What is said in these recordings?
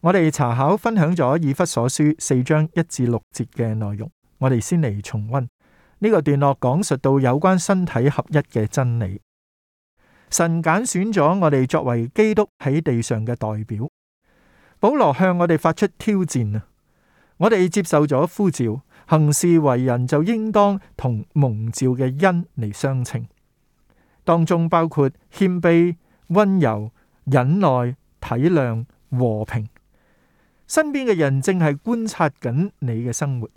我哋查考分享咗《以弗所書》四章一至六節嘅內容，我哋先嚟重溫呢個段落，講述到有關身體合一嘅真理。神揀選咗我哋作為基督喺地上嘅代表。保羅向我哋發出挑戰啊！我哋接受咗呼召，行事為人就應當同蒙召嘅恩嚟相稱，當中包括謙卑、溫柔、忍耐、體諒、和平。身邊嘅人正係觀察緊你嘅生活，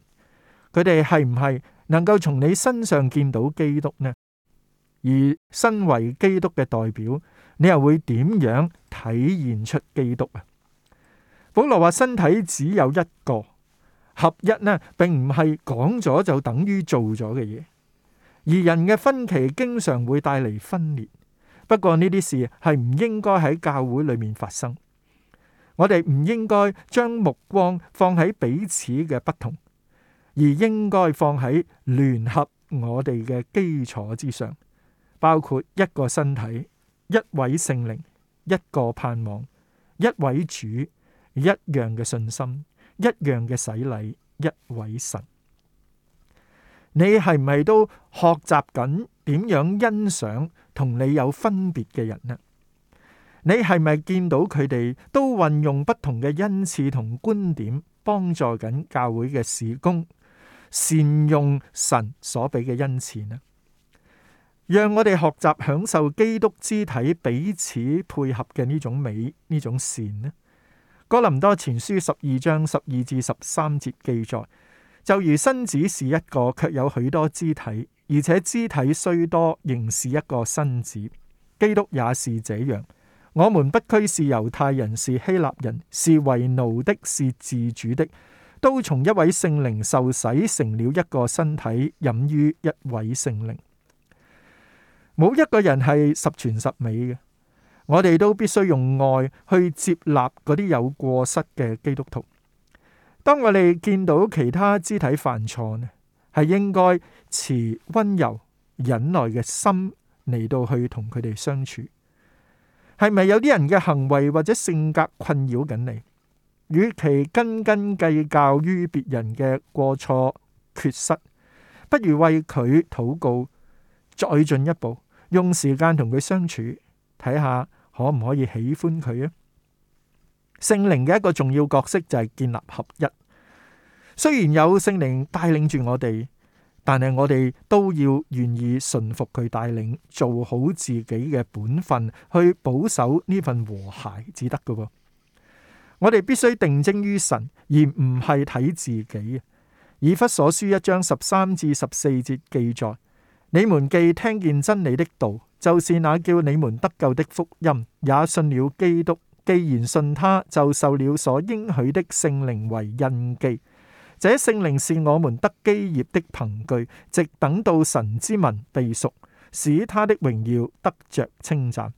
佢哋係唔係能夠從你身上見到基督呢？而身為基督嘅代表，你又會點樣體現出基督啊？保羅話：身體只有一個，合一呢，並唔係講咗就等於做咗嘅嘢。而人嘅分歧經常會帶嚟分裂，不過呢啲事係唔應該喺教會裏面發生。我哋唔應該將目光放喺彼此嘅不同，而應該放喺聯合我哋嘅基礎之上，包括一個身體、一位聖靈、一個盼望、一位主、一樣嘅信心、一樣嘅洗禮、一位神。你係唔係都學習緊點樣欣賞同你有分別嘅人呢？你係咪見到佢哋都運用不同嘅恩賜同觀點，幫助緊教會嘅事工，善用神所俾嘅恩賜呢？讓我哋學習享受基督肢體彼此配合嘅呢種美，呢種善呢？哥林多前書十二章十二至十三節記載：就如身子是一個，卻有許多肢體，而且肢體雖多，仍是一個身子。基督也是這樣。我們不拘是猶太人，是希臘人，是為奴的，是自主的，都從一位聖靈受洗，成了一個身體，飲於一位聖靈。冇一個人係十全十美嘅，我哋都必須用愛去接納嗰啲有過失嘅基督徒。當我哋見到其他肢體犯錯呢，係應該持溫柔忍耐嘅心嚟到去同佢哋相處。係咪有啲人嘅行為或者性格困擾緊你？與其斤斤計較於別人嘅過錯、缺失，不如為佢禱告，再進一步，用時間同佢相處，睇下可唔可以喜歡佢啊？聖靈嘅一個重要角色就係建立合一。雖然有聖靈帶領住我哋。但係我哋都要願意順服佢帶領，做好自己嘅本分，去保守呢份和諧，至得嘅。我哋必須定睛於神，而唔係睇自己。以弗所書一章十三至十四節記載：你們既聽見真理的道，就是那叫你們得救的福音，也信了基督。既然信他，就受了所應許的聖靈為印記。這聖靈是我們得基業的憑據，直等到神之民被贖，使他的榮耀得着稱讚。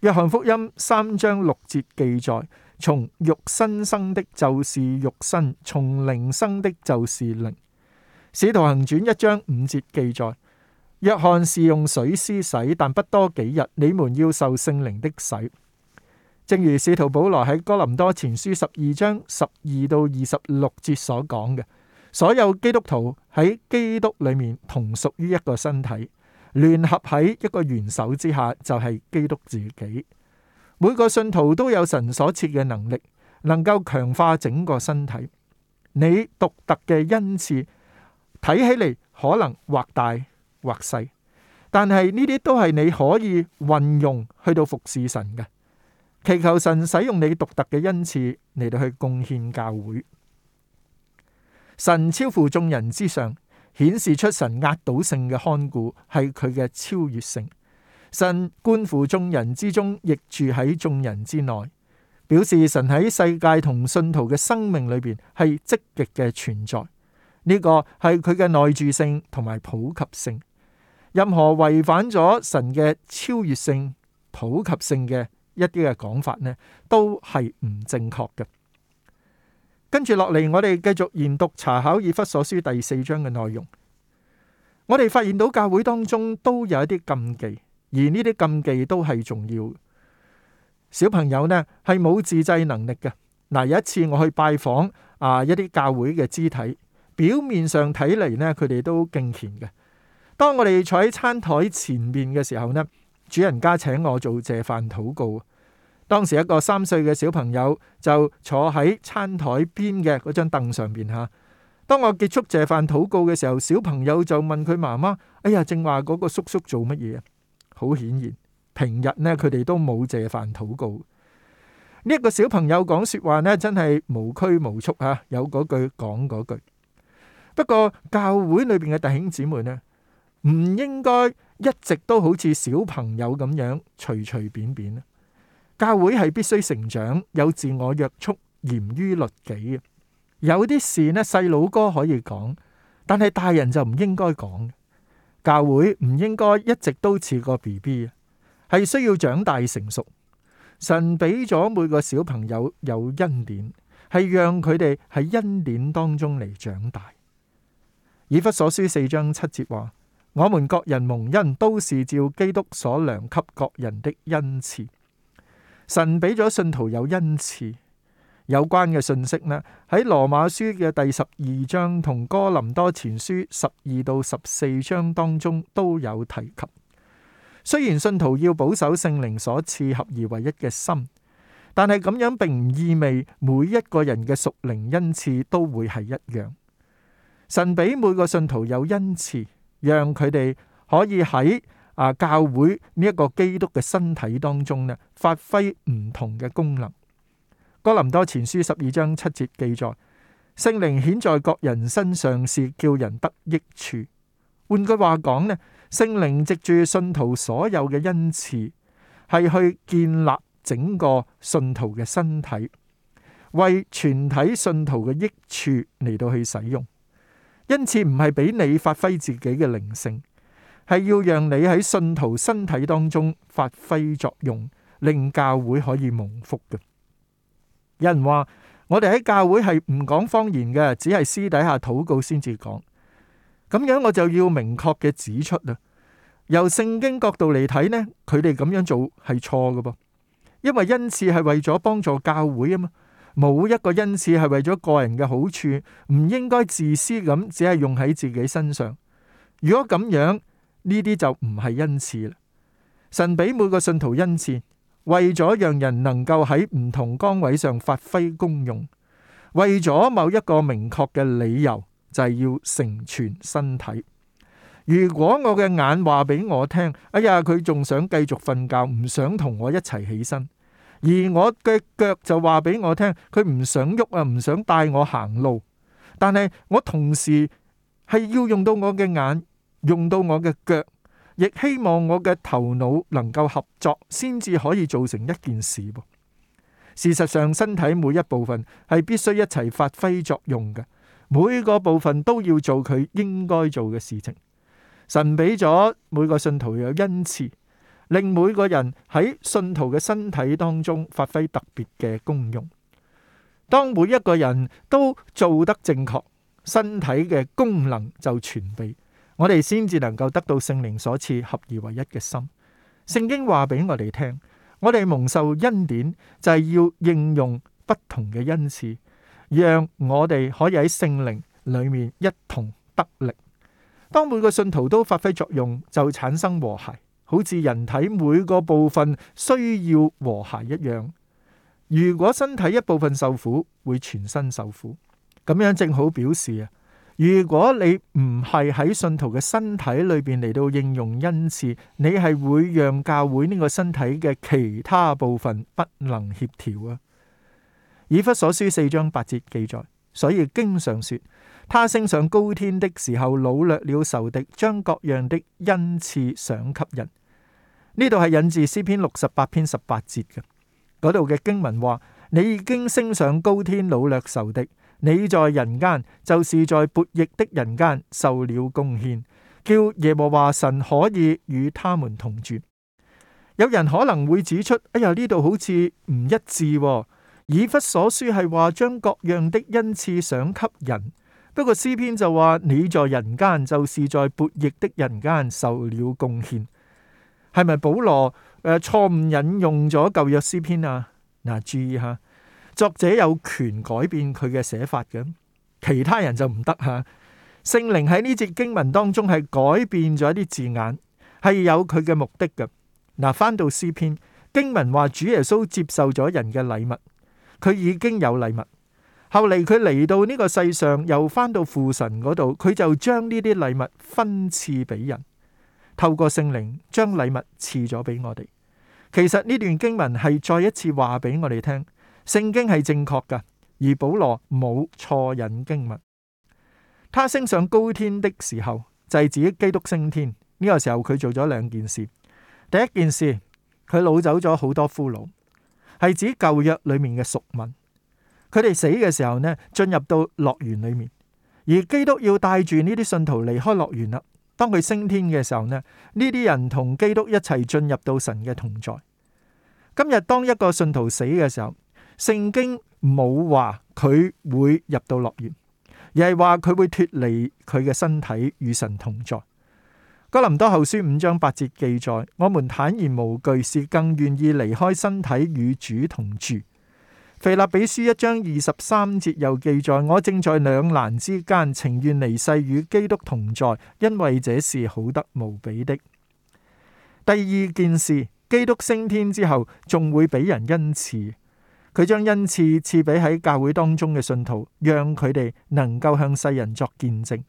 約翰福音三章六節記載：從肉身生的，就是肉身；從靈生的，就是靈。使徒行傳一章五節記載：約翰是用水施洗，但不多幾日，你們要受聖靈的洗。正如使徒保羅喺哥林多前書十二章十二到二十六節所講嘅，所有基督徒喺基督裏面同屬於一個身體，聯合喺一個元首之下，就係基督自己。每個信徒都有神所賜嘅能力，能夠強化整個身體。你獨特嘅恩賜睇起嚟可能或大或細，但係呢啲都係你可以運用去到服侍神嘅。祈求神使用你獨特嘅恩賜嚟到去貢獻教會。神超乎眾人之上，顯示出神壓倒性嘅看顧係佢嘅超越性。神貫乎眾人之中，亦住喺眾人之內，表示神喺世界同信徒嘅生命裏邊係積極嘅存在。呢個係佢嘅內住性同埋普及性。任何違反咗神嘅超越性、普及性嘅。一啲嘅講法呢，都係唔正確嘅。跟住落嚟，我哋繼續研讀查考以弗所書第四章嘅內容。我哋發現到教會當中都有一啲禁忌，而呢啲禁忌都係重要。小朋友呢，係冇自制能力嘅。嗱，有一次我去拜訪啊一啲教會嘅肢體，表面上睇嚟呢，佢哋都敬虔嘅。當我哋坐喺餐台前面嘅時候呢，主人家請我做謝飯禱告，當時一個三歲嘅小朋友就坐喺餐台邊嘅嗰張凳上邊吓。當我結束謝飯禱告嘅時候，小朋友就問佢媽媽：哎呀，正話嗰個叔叔做乜嘢啊？好顯然，平日呢佢哋都冇謝飯禱告。呢一個小朋友講說話呢，真係無拘無束吓，有嗰句講嗰句。不過教會裏邊嘅弟兄姊妹呢，唔應該。一直都好似小朋友咁樣隨隨便便，教會係必須成長，有自我約束，嚴於律己。有啲事呢，細佬哥可以講，但係大人就唔應該講。教會唔應該一直都似個 BB，係需要長大成熟。神俾咗每個小朋友有恩典，係讓佢哋喺恩典當中嚟長大。以弗所書四章七節話。我們各人蒙恩，都是照基督所量給各人的恩賜。神俾咗信徒有恩賜有關嘅信息呢，喺羅馬書嘅第十二章同哥林多前書十二到十四章當中都有提及。雖然信徒要保守聖靈所賜合而為一嘅心，但係咁樣並唔意味每一個人嘅屬靈恩賜都會係一樣。神俾每個信徒有恩賜。讓佢哋可以喺啊教會呢一個基督嘅身體當中咧，發揮唔同嘅功能。哥林多前書十二章七節記載：聖靈顯在各人身上，是叫人得益處。換句話講咧，聖靈藉住信徒所有嘅恩賜，係去建立整個信徒嘅身體，為全體信徒嘅益處嚟,到去使用。因此唔係俾你發揮自己嘅靈性，係要讓你喺信徒身體當中發揮作用，令教會可以蒙福嘅。有人話我哋喺教會係唔講方言嘅，只係私底下禱告先至講。咁樣我就要明確嘅指出啦。由聖經角度嚟睇呢，佢哋咁樣做係錯嘅噃，因為恩賜係為咗幫助教會啊嘛。冇一個恩賜係為咗個人嘅好處，唔應該自私咁，只係用喺自己身上。如果咁樣，呢啲就唔係恩賜啦。神俾每個信徒恩賜，為咗讓人能夠喺唔同崗位上發揮功用，為咗某一個明確嘅理由，就係要成全身體。如果我嘅眼話俾我聽，哎呀，佢仲想繼續瞓覺，唔想同我一齊起身。而我嘅腳就話俾我聽，佢唔想喐啊，唔想帶我行路。但係我同時係要用到我嘅眼，用到我嘅腳，亦希望我嘅頭腦能夠合作，先至可以做成一件事。事實上，身體每一部分係必須一齊發揮作用嘅，每個部分都要做佢應該做嘅事情。神俾咗每個信徒有恩賜。令每個人喺信徒嘅身體當中發揮特別嘅功用。當每一個人都做得正確，身體嘅功能就全備，我哋先至能夠得到聖靈所賜合而為一嘅心。聖經話俾我哋聽，我哋蒙受恩典就係要應用不同嘅恩賜，讓我哋可以喺聖靈裏面一同得力。當每個信徒都發揮作用，就產生和諧。好似人體每個部分需要和諧一樣，如果身體一部分受苦，會全身受苦。咁樣正好表示啊，如果你唔係喺信徒嘅身體裏邊嚟到應用恩賜，你係會讓教會呢個身體嘅其他部分不能協調啊。以弗所書四章八節記載，所以經常說，他升上高天的時候，擄掠了仇敵，將各樣的恩賜賞給人。呢度係引自詩篇六十八篇十八節嘅。嗰度嘅經文話：你已經升上高天，擄掠仇敵；你在人間，就是在悖逆的人間受了貢獻，叫耶和華神可以與他們同住。有人可能會指出：哎呀，呢度好似唔一致喎。以弗所書係話將各樣的恩賜賞給人，不過詩篇就話你在人間，就是在悖逆的人間受了貢獻。係咪保羅誒、呃、錯誤引用咗舊約詩篇啊？嗱、啊，注意下，作者有權改變佢嘅寫法嘅，其他人就唔得吓。聖靈喺呢節經文當中係改變咗啲字眼，係有佢嘅目的嘅。嗱、啊，翻到詩篇經文話，主耶穌接受咗人嘅禮物，佢已經有禮物，後嚟佢嚟到呢個世上，又翻到父神嗰度，佢就將呢啲禮物分賜俾人。透過聖靈將禮物賜咗俾我哋。其實呢段經文係再一次話俾我哋聽，聖經係正確噶，而保羅冇錯引經文。他升上高天的時候，就係指基督升天。呢個時候佢做咗兩件事。第一件事，佢擄走咗好多俘虜，係指舊約裏面嘅贖民。佢哋死嘅時候呢，進入到樂園裏面，而基督要帶住呢啲信徒離開樂園啦。當佢升天嘅時候呢，呢啲人同基督一齊進入到神嘅同在。今日當一個信徒死嘅時候，聖經冇話佢會入到樂園，而係話佢會脫離佢嘅身體與神同在。哥林多後書五章八節記載：我們坦然無懼，是更願意離開身體與主同住。腓立比書一章二十三節又記載：我正在兩難之間，情願離世與基督同在，因為這是好得無比的。第二件事，基督升天之後，仲會俾人恩賜，佢將恩賜賜俾喺教會當中嘅信徒，讓佢哋能夠向世人作見證。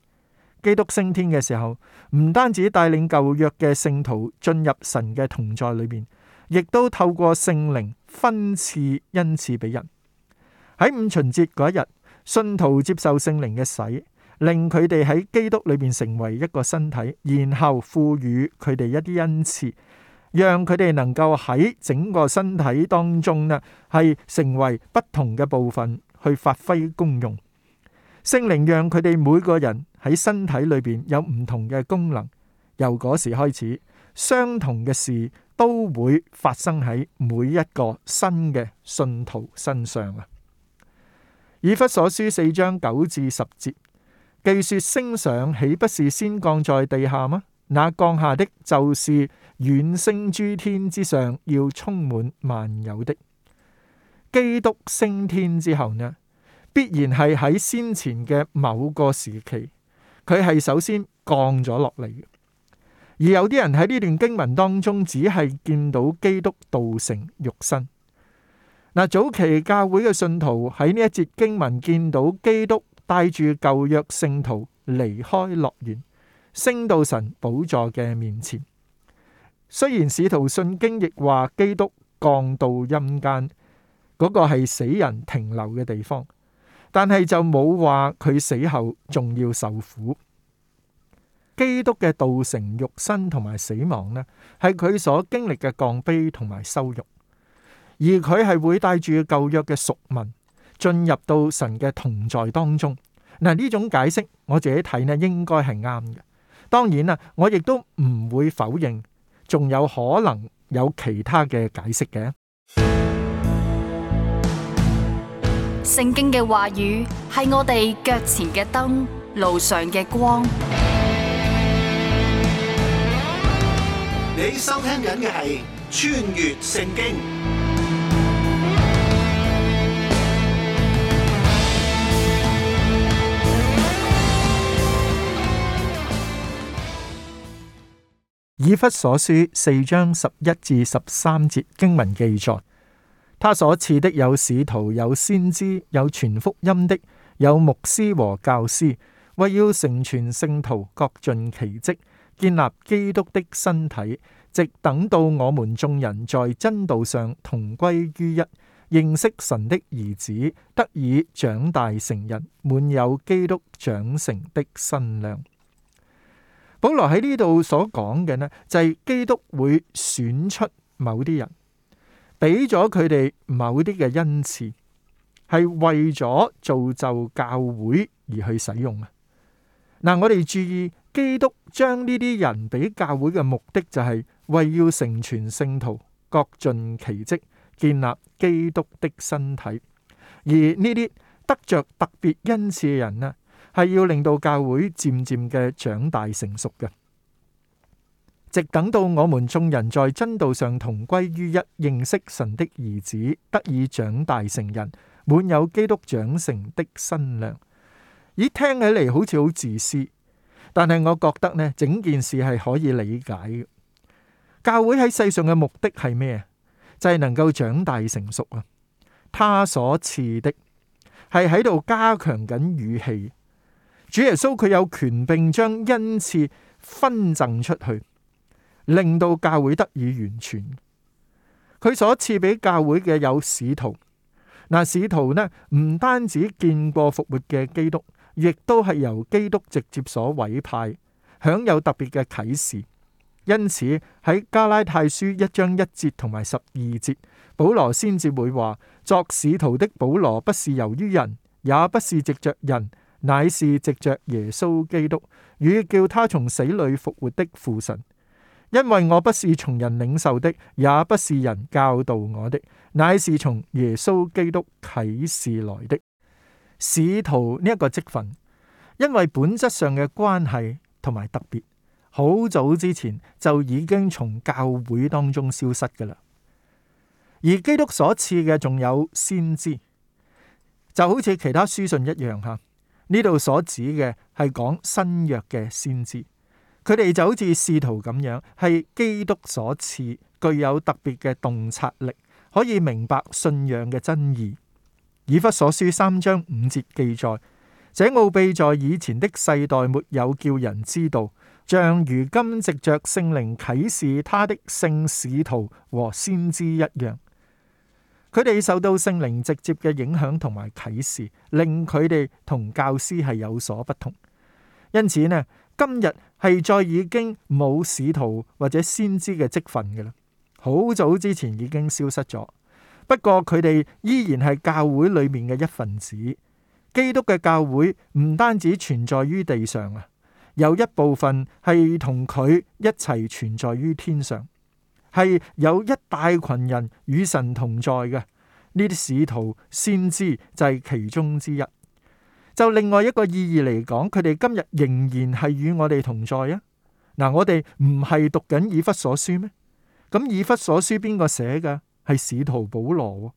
基督升天嘅時候，唔單止帶領舊約嘅聖徒進入神嘅同在裏面，亦都透過聖靈。分賜恩賜俾人喺五旬節嗰一日，信徒接受聖靈嘅洗，令佢哋喺基督裏邊成為一個身體，然後賦予佢哋一啲恩賜，讓佢哋能夠喺整個身體當中咧，係成為不同嘅部分去發揮功用。聖靈讓佢哋每個人喺身體裏邊有唔同嘅功能。由嗰時開始，相同嘅事。都會發生喺每一個新嘅信徒身上啊！以弗所書四章九至十節，既說升上，豈不是先降在地下嗎？那降下的就是遠升諸天之上，要充滿萬有的。基督升天之後呢，必然係喺先前嘅某個時期，佢係首先降咗落嚟而有啲人喺呢段經文當中，只係見到基督道成肉身。嗱，早期教會嘅信徒喺呢一節經文見到基督帶住舊約聖徒離開樂園，升到神寶座嘅面前。雖然使徒信經亦話基督降到陰間，嗰個係死人停留嘅地方，但係就冇話佢死後仲要受苦。基督嘅道成肉身同埋死亡呢，係佢所經歷嘅降卑同埋羞辱，而佢係會帶住舊約嘅贖民進入到神嘅同在當中。嗱，呢種解釋我自己睇呢，應該係啱嘅。當然啦，我亦都唔會否認仲有可能有其他嘅解釋嘅。聖經嘅話語係我哋腳前嘅燈，路上嘅光。你收聽緊嘅係《穿越聖經》，以弗所書四章十一至十三節經文記載，他所賜的有使徒，有先知，有傳福音的，有牧師和教師，為要成全聖徒，各盡其職，建立基督的身體，直等到我們眾人在真道上同歸於一，認識神的兒子，得以長大成人，滿有基督長成的身量。保羅喺呢度所講嘅呢，就係基督會選出某啲人，俾咗佢哋某啲嘅恩賜，係為咗造就教會而去使用啊！嗱，我哋注意。基督將呢啲人俾教會嘅目的就係為要成全聖徒，各盡其職，建立基督的身體。而呢啲得着特別恩賜嘅人咧，係要令到教會漸漸嘅長大成熟嘅。直等到我們眾人在真道上同歸於一，認識神的兒子，得以長大成人，滿有基督長成的身量。咦，聽起嚟好似好自私。但係我覺得咧，整件事係可以理解嘅。教會喺世上嘅目的係咩啊？就係能夠長大成熟啊！他所賜的係喺度加強緊語氣。主耶穌佢有權並將恩賜分贈出去，令到教會得以完全。佢所賜俾教會嘅有使徒。嗱，使徒咧，唔單止見過復活嘅基督。亦都係由基督直接所委派，享有特別嘅啟示。因此喺加拉太書一章一節同埋十二節，保羅先至會話，作使徒的保羅不是由於人，也不是藉着人，乃是藉着耶穌基督，與叫他從死裡復活的父神。因為我不是從人領受的，也不是人教導我的，乃是從耶穌基督啟示來的。使徒呢一個職份，因為本質上嘅關係同埋特別，好早之前就已經從教會當中消失㗎喇。而基督所賜嘅仲有先知，就好似其他書信一樣吓。呢度所指嘅係講新約嘅先知，佢哋就好似使徒咁樣，係基督所賜，具有特別嘅洞察力，可以明白信仰嘅真義。以弗所書三章五節記載，這奧秘在以前的世代沒有叫人知道，像如今藉着聖靈啟示他的聖使徒和先知一樣，佢哋受到聖靈直接嘅影響同埋啟示，令佢哋同教師係有所不同。因此呢，今日係再已經冇使徒或者先知嘅職份嘅啦，好早之前已經消失咗。不過佢哋依然係教會裏面嘅一份子，基督嘅教會唔單止存在於地上啊，有一部分係同佢一齊存在於天上，係有一大群人與神同在嘅。呢啲使徒先知就係其中之一。就另外一個意義嚟講，佢哋今日仍然係與我哋同在啊！嗱，我哋唔係讀緊以弗所書咩？咁以弗所書邊個寫㗎？係使徒保羅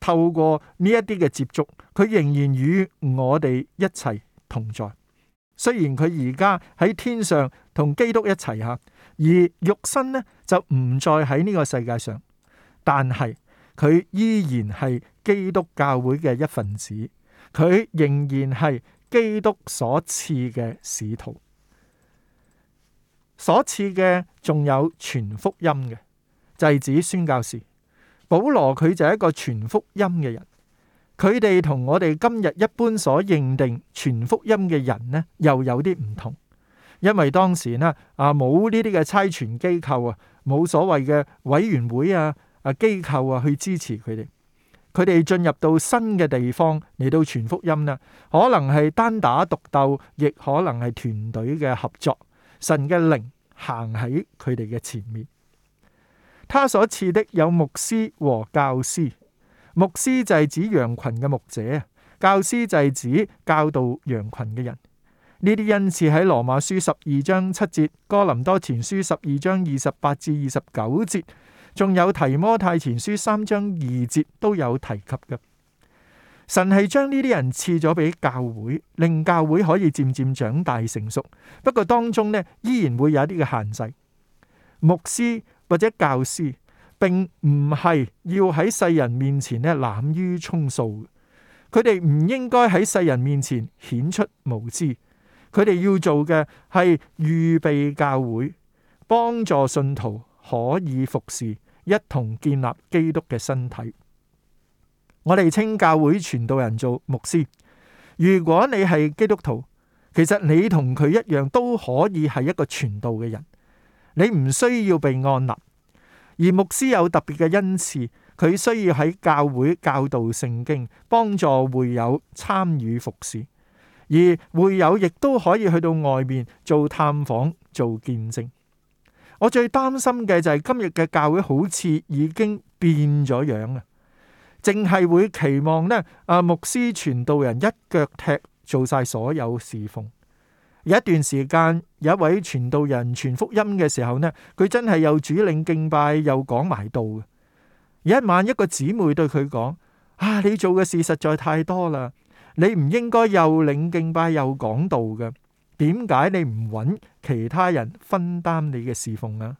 透過呢一啲嘅接觸，佢仍然與我哋一齊同在。雖然佢而家喺天上同基督一齊吓，而肉身呢就唔再喺呢個世界上，但係佢依然係基督教會嘅一份子，佢仍然係基督所賜嘅使徒，所賜嘅仲有全福音嘅就係指宣教士。保羅佢就係一個傳福音嘅人，佢哋同我哋今日一般所認定傳福音嘅人呢，又有啲唔同，因為當時呢，啊，冇呢啲嘅差傳機構啊，冇所謂嘅委員會啊，啊機構啊去支持佢哋，佢哋進入到新嘅地方嚟，到傳福音啦，可能係單打獨鬥，亦可能係團隊嘅合作，神嘅靈行喺佢哋嘅前面。他所賜的有牧師和教師，牧師就係指羊群嘅牧者，教師就係指教導羊群嘅人。呢啲恩賜喺羅馬書十二章七節、哥林多前書十二章二十八至二十九節，仲有提摩太前書三章二節都有提及嘅。神係將呢啲人賜咗俾教會，令教會可以漸漸長大成熟。不過當中呢，依然會有一啲嘅限制，牧師，或者教師並唔係要喺世人面前咧，濫竽充數，佢哋唔應該喺世人面前顯出無知，佢哋要做嘅係預備教會，幫助信徒可以服侍，一同建立基督嘅身體。我哋稱教會傳道人做牧師。如果你係基督徒，其實你同佢一樣都可以係一個傳道嘅人。你唔需要被按立，而牧師有特別嘅恩賜，佢需要喺教會教導聖經，幫助會友參與服侍；而會友亦都可以去到外面做探訪、做見證。我最擔心嘅就係、是、今日嘅教會好似已經變咗樣啊，淨係會期望呢啊牧師傳道人一腳踢做晒所有侍奉。有一段時間，有一位傳道人傳福音嘅時候呢，佢真係又主領敬拜又講埋道嘅。有一晚，一個姊妹對佢講：啊，你做嘅事實在太多啦，你唔應該又領敬拜又講道嘅。點解你唔揾其他人分擔你嘅侍奉啊？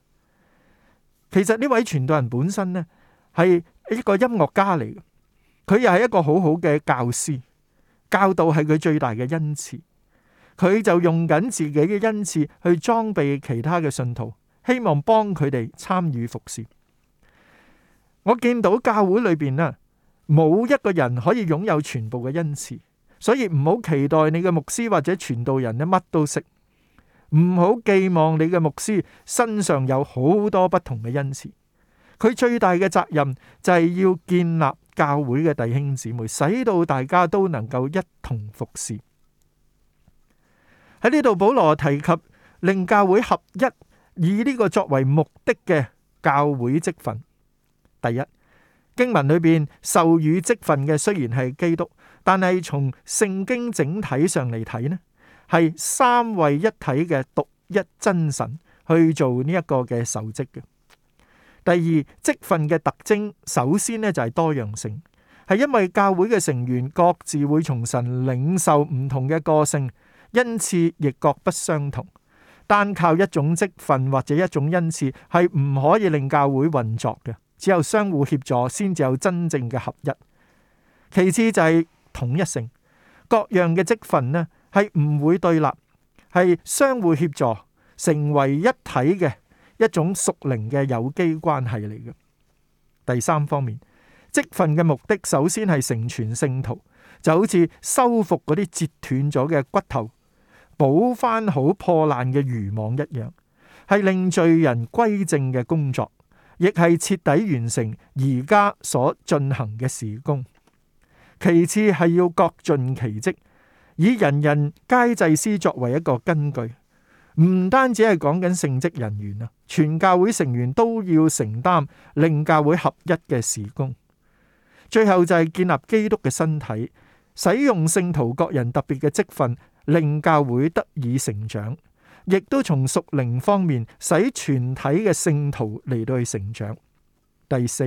其實呢位傳道人本身呢係一個音樂家嚟，佢又係一個好好嘅教師，教導係佢最大嘅恩賜。佢就用緊自己嘅恩賜去裝備其他嘅信徒，希望幫佢哋參與服侍。我見到教會裏邊啊，冇一個人可以擁有全部嘅恩賜，所以唔好期待你嘅牧師或者傳道人咧乜都識，唔好寄望你嘅牧師身上有好多不同嘅恩賜。佢最大嘅責任就係要建立教會嘅弟兄姊妹，使到大家都能夠一同服侍。喺呢度，保羅提及令教會合一，以呢個作為目的嘅教會職份。第一，經文裏邊授予職份嘅雖然係基督，但係從聖經整體上嚟睇呢，係三位一體嘅獨一真神去做呢一個嘅受職嘅。第二，職份嘅特徵，首先呢就係多樣性，係因為教會嘅成員各自會從神領受唔同嘅個性。恩賜亦各不相同，單靠一種職份或者一種恩賜係唔可以令教會運作嘅，只有相互協助先至有真正嘅合一。其次就係統一性，各樣嘅職份呢係唔會對立，係相互協助，成為一體嘅一種屬靈嘅有機關係嚟嘅。第三方面，職份嘅目的首先係成全聖徒，就好似修復嗰啲折斷咗嘅骨頭，補翻好破爛嘅漁網一樣，係令罪人歸正嘅工作，亦係徹底完成而家所進行嘅事工。其次係要各盡其職，以人人皆祭司作為一個根據，唔單止係講緊聖職人員啊，全教會成員都要承擔令教會合一嘅事工。最後就係建立基督嘅身體，使用聖徒各人特別嘅職分。令教會得以成長，亦都從屬靈方面使全體嘅聖徒嚟到去成長。第四，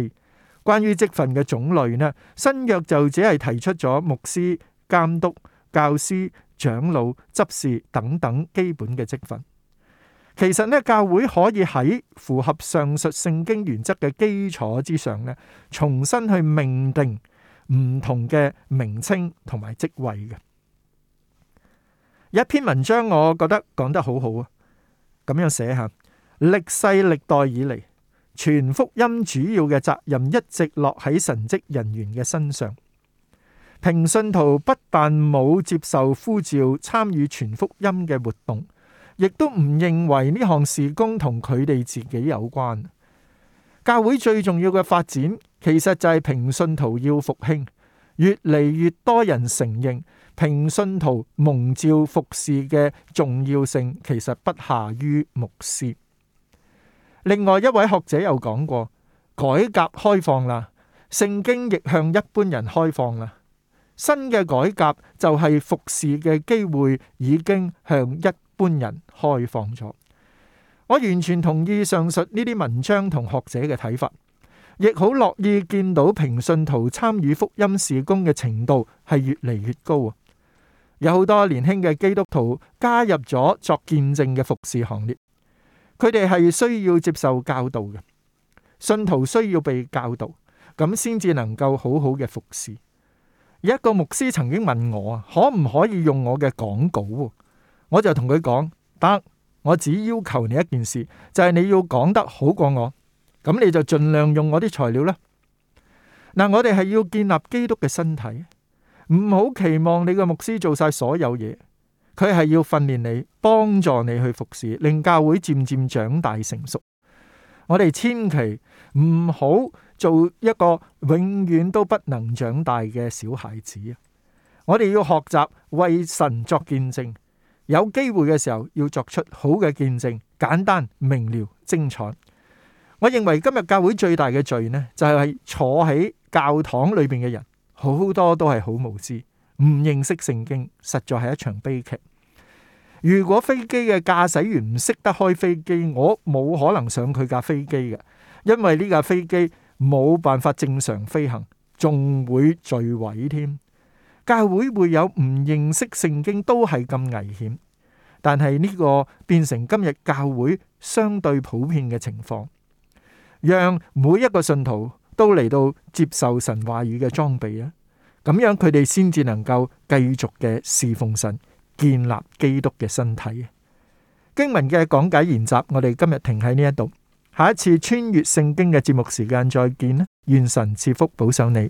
關於職分嘅種類呢，新約就只係提出咗牧師、監督、教師、長老、執事等等基本嘅職分。其實呢，教會可以喺符合上述聖經原則嘅基礎之上呢，重新去命定唔同嘅名稱同埋職位嘅。一篇文章我覺得講得好好啊，咁樣寫下：「歷世歷代以嚟，全福音主要嘅責任一直落喺神職人員嘅身上。平信徒不但冇接受呼召參與全福音嘅活動，亦都唔認為呢項事工同佢哋自己有關。教會最重要嘅發展，其實就係平信徒要復興，越嚟越多人承認。平信徒蒙召服侍嘅重要性，其實不下於牧師。另外一位學者又講過，改革開放啦，聖經亦向一般人開放啦。新嘅改革就係服侍嘅機會已經向一般人開放咗。我完全同意上述呢啲文章同學者嘅睇法，亦好樂意見到平信徒參與福音事工嘅程度係越嚟越高。有好多年輕嘅基督徒加入咗作見證嘅服侍行列，佢哋係需要接受教導嘅，信徒需要被教導，咁先至能夠好好嘅服侍。有一個牧師曾經問我啊，可唔可以用我嘅講稿？我就同佢講，得，我只要求你一件事，就係你要講得好過我，咁你就盡量用我啲材料啦。嗱，我哋係要建立基督嘅身體。唔好期望你個牧師做晒所有嘢，佢係要訓練你，幫助你去服侍，令教會漸漸長大成熟。我哋千祈唔好做一個永遠都不能長大嘅小孩子。我哋要學習為神作見證，有機會嘅時候要作出好嘅見證，簡單明了、精彩。我認為今日教會最大嘅罪呢，就係坐喺教堂裏邊嘅人。好多都係好無知，唔認識聖經，實在係一場悲劇。如果飛機嘅駕駛員唔識得開飛機，我冇可能上佢架飛機嘅，因為呢架飛機冇辦法正常飛行，仲會墜毀添。教會會有唔認識聖經都係咁危險，但係呢個變成今日教會相對普遍嘅情況，讓每一個信徒。都嚟到接受神話語嘅裝備啊，咁樣佢哋先至能夠繼續嘅侍奉神，建立基督嘅身體啊。經文嘅講解研習，我哋今日停喺呢一度，下一次穿越聖經嘅節目時間再見啦，願神賜福保守你。